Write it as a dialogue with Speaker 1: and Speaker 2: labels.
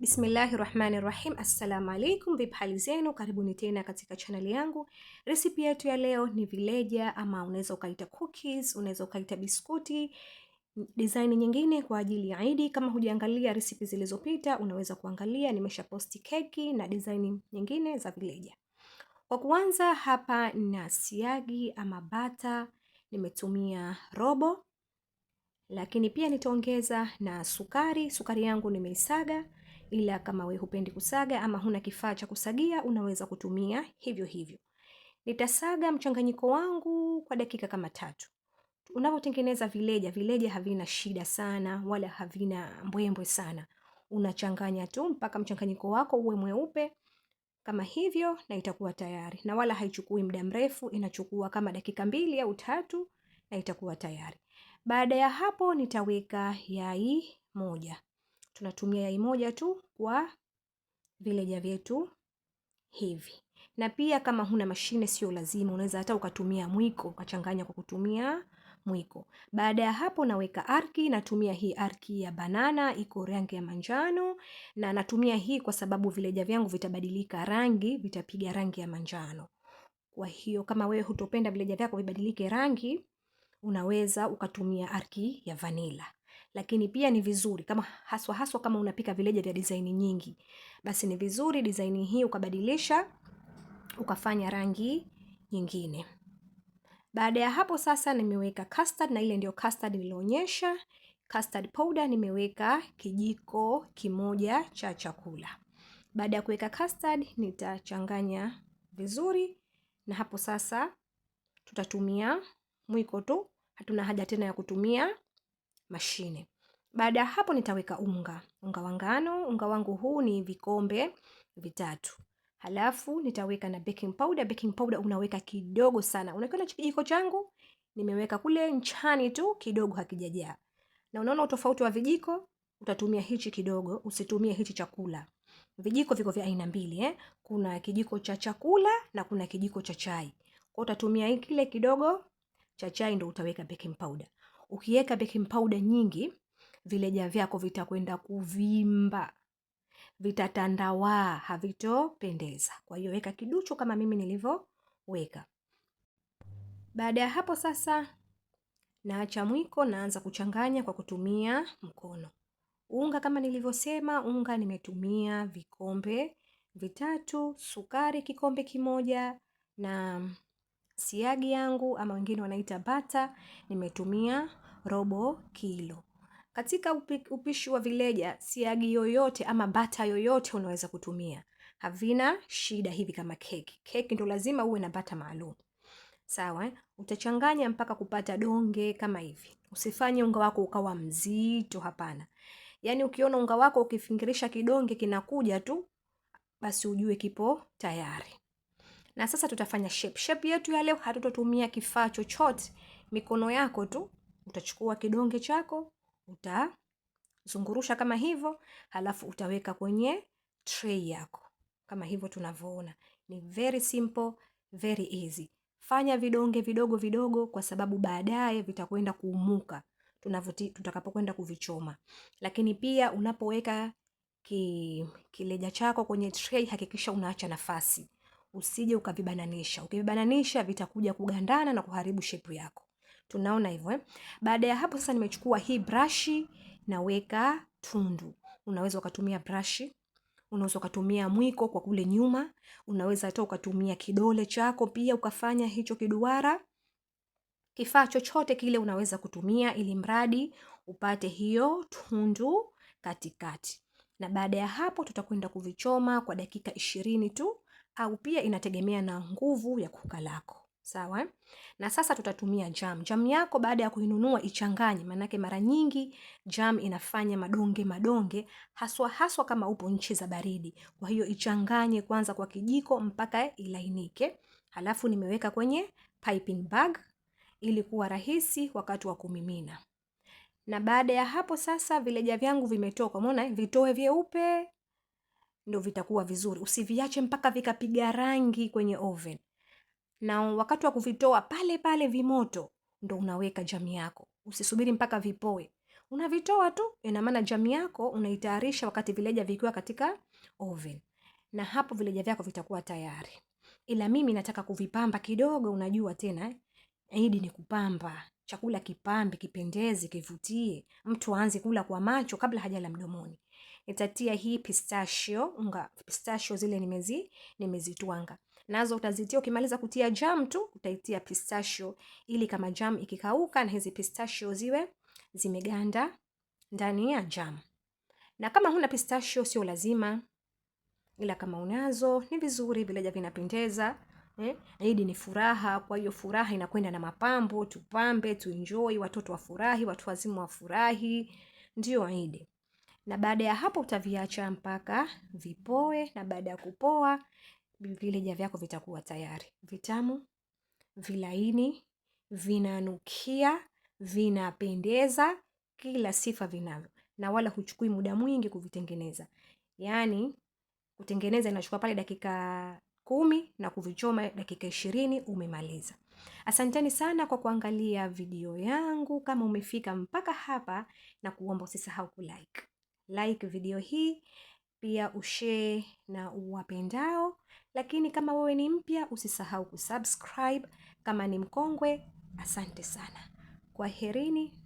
Speaker 1: Bismillahi rahmani rahim. Assalamu alaikum, vipi hali zenu? Karibuni tena katika chaneli yangu. Resipi yetu ya leo ni vileja ama unaweza ukaita cookies, unaweza ukaita biskuti, design nyingine kwa ajili ya Idi. Kama hujaangalia resipi zilizopita, unaweza kuangalia, nimesha posti keki na design nyingine za vileja. Kwa kuanza, hapa na siagi ama bata, nimetumia robo, lakini pia nitaongeza na sukari. Sukari yangu nimeisaga ila kama we hupendi kusaga ama huna kifaa cha kusagia, unaweza kutumia hivyo hivyo. Nitasaga mchanganyiko wangu kwa dakika kama tatu. Unapotengeneza vileja, vileja havina shida sana wala havina mbwembwe sana. Unachanganya tu mpaka mchanganyiko wako uwe mweupe kama hivyo, na itakuwa tayari, na wala haichukui muda mrefu, inachukua kama dakika mbili au tatu na itakuwa tayari. Baada ya hapo, nitaweka yai moja tunatumia yai moja tu kwa vileja vyetu hivi. Na pia kama huna mashine, sio lazima, unaweza hata ukatumia mwiko ukachanganya kwa kutumia mwiko. Baada ya hapo, naweka arki. Natumia hii arki ya banana, iko rangi ya manjano, na natumia hii kwa sababu vileja vyangu vitabadilika rangi, vitapiga rangi ya manjano. Kwa hiyo kama wewe hutopenda vileja vyako vibadilike rangi, unaweza ukatumia arki ya vanila lakini pia ni vizuri kama haswa haswa kama unapika vileja vya design nyingi, basi ni vizuri design hii ukabadilisha ukafanya rangi nyingine. Baada ya hapo sasa, nimeweka custard na ile ndio custard nilionyesha. Custard powder nimeweka kijiko kimoja cha chakula. Baada ya kuweka custard, nitachanganya vizuri, na hapo sasa tutatumia mwiko tu, hatuna haja tena ya kutumia mashine. Baada ya hapo nitaweka unga, unga wa ngano. Unga wangu huu ni vikombe vitatu. Halafu nitaweka na baking powder. Baking powder unaweka kidogo sana, unakiona kijiko changu nimeweka kule nchani tu kidogo, hakijajaa. Na unaona utofauti wa vijiko, utatumia hichi kidogo, usitumie hichi chakula. Vijiko viko vya aina mbili eh? Kuna kijiko cha chakula na kuna kijiko cha chai. Kwa utatumia kile kidogo cha chai, ndio utaweka baking powder. Ukiweka baking powder nyingi, vileja vyako vitakwenda kuvimba, vitatandawaa, havitopendeza. Kwa hiyo weka kiduchu kama mimi nilivyoweka. Baada ya hapo sasa, naacha mwiko, naanza kuchanganya kwa kutumia mkono. Unga kama nilivyosema, unga nimetumia vikombe vitatu, sukari kikombe kimoja na siagi yangu ama wengine wanaita bata, nimetumia robo kilo. Katika upishi wa vileja, siagi yoyote ama bata yoyote unaweza kutumia, havina shida hivi kama keki. Keki ndo lazima uwe na bata maalum. Sawa eh? Utachanganya mpaka kupata donge kama hivi. Usifanye unga wako ukawa mzito, hapana. Yaani ukiona unga wako ukifingirisha kidonge kinakuja tu, basi ujue kipo tayari. Na sasa tutafanya shape. Shape yetu ya leo hatutotumia kifaa chochote, mikono yako tu. Utachukua kidonge chako utazungurusha kama hivyo, halafu utaweka kwenye tray yako kama hivyo tunavyoona. Ni very simple, very easy. Fanya vidonge vidogo vidogo, kwa sababu baadaye vitakwenda kuumuka tutakapokwenda kuvichoma. Lakini pia unapoweka ki, kileja chako kwenye tray hakikisha unaacha nafasi usije ukavibananisha. Ukivibananisha vitakuja kugandana na kuharibu shepu yako. Tunaona hivyo eh? Baada ya hapo sasa, nimechukua hii brashi naweka tundu. Unaweza ukatumia brashi, unaweza ukatumia mwiko kwa kule nyuma, unaweza hata ukatumia kidole chako pia ukafanya hicho kiduara. Kifaa chochote kile unaweza kutumia, ili mradi upate hiyo tundu katikati. Na baada ya hapo tutakwenda kuvichoma kwa dakika ishirini tu au pia inategemea na nguvu ya kuka lako. Sawa. Na sasa tutatumia jam. Jam yako baada ya kuinunua ichanganye, maanake mara nyingi jam inafanya madonge madonge, haswa haswa kama upo nchi za baridi. Kwa hiyo ichanganye kwanza kwa kijiko mpaka ilainike, halafu nimeweka kwenye piping bag ili kuwa rahisi wakati wa kumimina. Na baada ya hapo sasa, vileja vyangu vimetoka, umeona vitoe vyeupe ndo vitakuwa vizuri. Usiviache mpaka vikapiga rangi kwenye oven, na wakati wa kuvitoa pale pale vimoto ndo unaweka jam yako. Usisubiri mpaka vipoe, unavitoa tu. Ina maana jam yako unaitayarisha wakati vileja vikiwa katika oven, na hapo vileja vyako vitakuwa tayari. Ila mimi nataka kuvipamba kidogo, unajua tena eh? Idi ni kupamba chakula, kipambe, kipendeze, kivutie, mtu aanze kula kwa macho kabla hajala mdomoni nitatia hii pistachio unga pistachio zile nimezi nimezitwanga nazo utazitia. Ukimaliza kutia jam tu utaitia pistachio, ili kama jam ikikauka na hizi pistachio ziwe zimeganda ndani ya jam. Na kama huna pistachio sio lazima, ila kama unazo ni vizuri, vileja vinapendeza eh. Idi ni furaha, kwa hiyo furaha inakwenda na mapambo. Tupambe, tuenjoy, watoto wafurahi, watu wazima wafurahi, ndio Idi na baada ya hapo utaviacha mpaka vipoe, na baada ya kupoa vileja vyako vitakuwa tayari, vitamu, vilaini, vinanukia, vinapendeza, kila sifa vinavyo, na wala huchukui muda mwingi kuvitengeneza. Yaani kutengeneza inachukua pale dakika kumi na kuvichoma dakika ishirini umemaliza. Asanteni sana kwa kuangalia video yangu. Kama umefika mpaka hapa, na kuomba usisahau kulike like video hii, pia ushare na uwapendao. Lakini kama wewe ni mpya, usisahau kusubscribe. Kama ni mkongwe, asante sana, kwaherini.